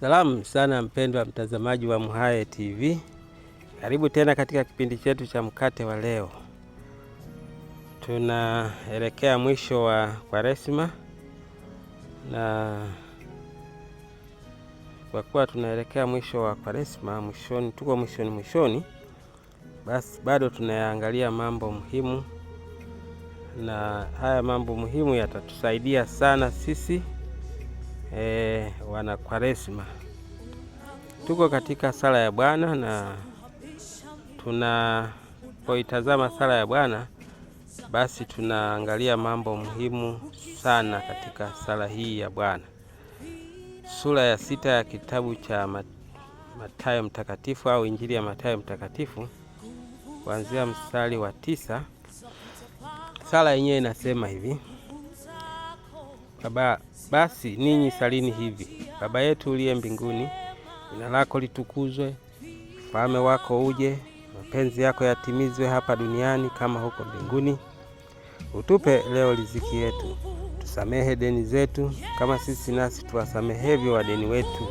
Salamu sana mpendwa mtazamaji wa MHAE TV, karibu tena katika kipindi chetu cha mkate wa leo. Tunaelekea mwisho wa Kwaresma, na kwa kuwa tunaelekea mwisho wa Kwaresma, mwishoni, tuko mwishoni mwishoni, basi bado tunayaangalia mambo muhimu, na haya mambo muhimu yatatusaidia sana sisi e, wana Kwaresma, tuko katika sala ya Bwana na tunapoitazama sala ya Bwana basi tunaangalia mambo muhimu sana katika sala hii ya Bwana. Sura ya sita ya kitabu cha Mathayo Mtakatifu au Injili ya Mathayo Mtakatifu kuanzia mstari wa tisa. Sala yenyewe inasema hivi: Baba, basi ninyi salini hivi: Baba yetu uliye mbinguni, jina lako litukuzwe, ufalme wako uje, mapenzi yako yatimizwe hapa duniani kama huko mbinguni. Utupe leo riziki yetu, tusamehe deni zetu kama sisi nasi tuwasamehevyo wadeni wetu,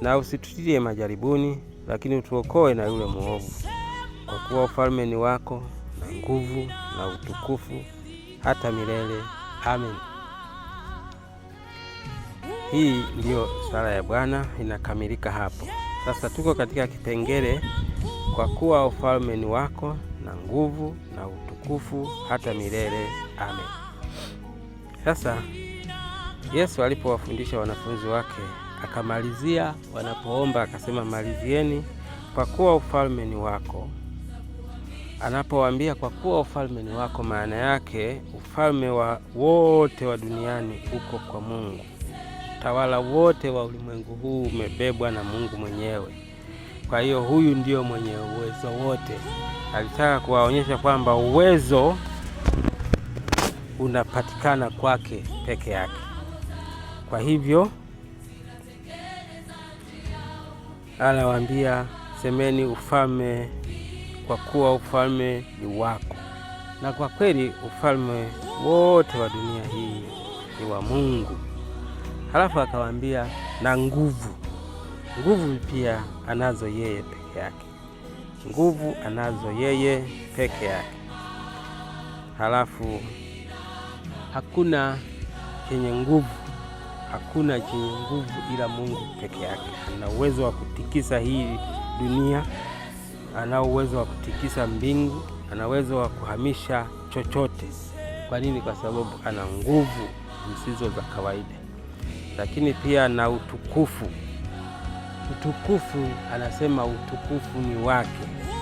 na usitutie majaribuni, lakini utuokoe na yule muovu. Kwa kuwa ufalme ni wako na nguvu na utukufu hata milele. Amen. Hii ndiyo sala ya Bwana inakamilika hapo. Sasa tuko katika kipengele, kwa kuwa ufalme ni wako na nguvu na utukufu hata milele, amen. Sasa Yesu alipowafundisha wanafunzi wake akamalizia wanapoomba akasema, malizieni kwa kuwa ufalme ni wako. Anapowaambia kwa kuwa ufalme ni wako, maana yake ufalme wa wote wa duniani uko kwa Mungu utawala wote wa ulimwengu huu umebebwa na Mungu mwenyewe. Kwa hiyo huyu ndiyo mwenye uwezo wote. Alitaka kuwaonyesha kwamba uwezo unapatikana kwake peke yake. Kwa hivyo anawaambia semeni ufalme, kwa kuwa ufalme ni wako. Na kwa kweli ufalme wote wa dunia hii ni wa Mungu. Halafu akawaambia na nguvu. Nguvu pia anazo yeye peke yake, nguvu anazo yeye peke yake. Halafu hakuna chenye nguvu, hakuna chenye nguvu ila Mungu peke yake. Ana uwezo wa kutikisa hii dunia, ana uwezo wa kutikisa mbingu, ana uwezo wa kuhamisha chochote. Kwa nini? Kwa sababu ana nguvu zisizo za kawaida lakini pia na utukufu. Utukufu anasema utukufu ni wake,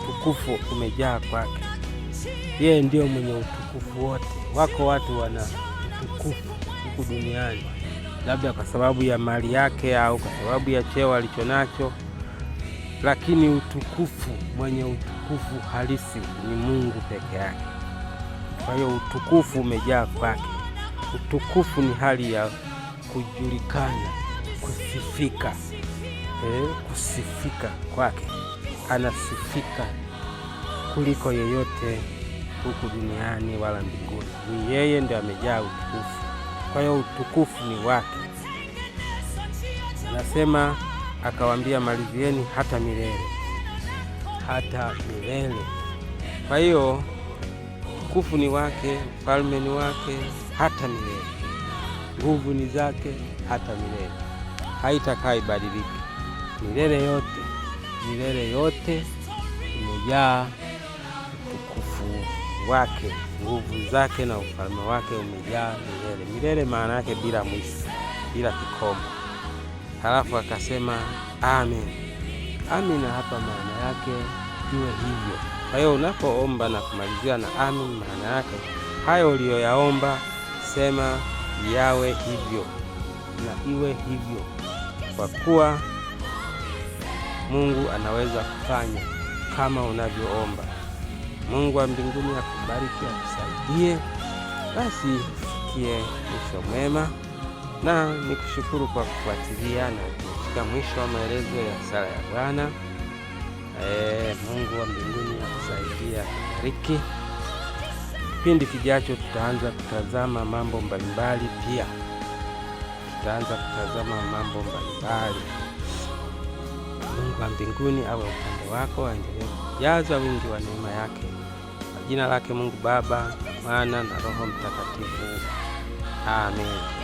utukufu umejaa kwake, yeye ndio mwenye utukufu wote. Wako watu wana utukufu huku duniani, labda kwa sababu ya mali yake au kwa sababu ya cheo alicho nacho lakini utukufu, mwenye utukufu halisi ni Mungu peke yake. Kwa hiyo utukufu umejaa kwake. Utukufu ni hali ya kujulikana, kusifika eh, kusifika kwake, anasifika kuliko yeyote huku duniani wala mbinguni. Ni yeye ndio amejaa utukufu, kwa hiyo utukufu ni wake. Anasema akawaambia, malizieni hata milele, hata milele. Kwa hiyo utukufu ni wake, ufalme ni wake hata milele nguvu ni zake hata milele, haitakaa ibadilike milele yote. Milele yote imejaa utukufu wake, nguvu zake na ufalme wake umejaa milele. Milele maana yake bila mwisho, bila kikomo. Halafu akasema amen. Amina hapa maana yake iwe hivyo. Kwa hiyo unapoomba na kumalizia na amin, maana yake hayo uliyoyaomba sema yawe hivyo na iwe hivyo, kwa kuwa Mungu anaweza kufanya kama unavyoomba. Mungu wa mbinguni akubariki, akusaidie. Basi tufikie mwisho mwema, na nikushukuru kwa kufuatilia na kufika mwisho wa maelezo ya sala ya Bwana. E, Mungu wa mbinguni akusaidie, akubariki. Kipindi kijacho tutaanza kutazama mambo mbalimbali, pia tutaanza kutazama mambo mbalimbali. Mungu wa mbinguni awe upande wako, aendelee kujaza wingi wa neema yake kwa jina lake Mungu Baba, Mwana na Roho Mtakatifu. Amen.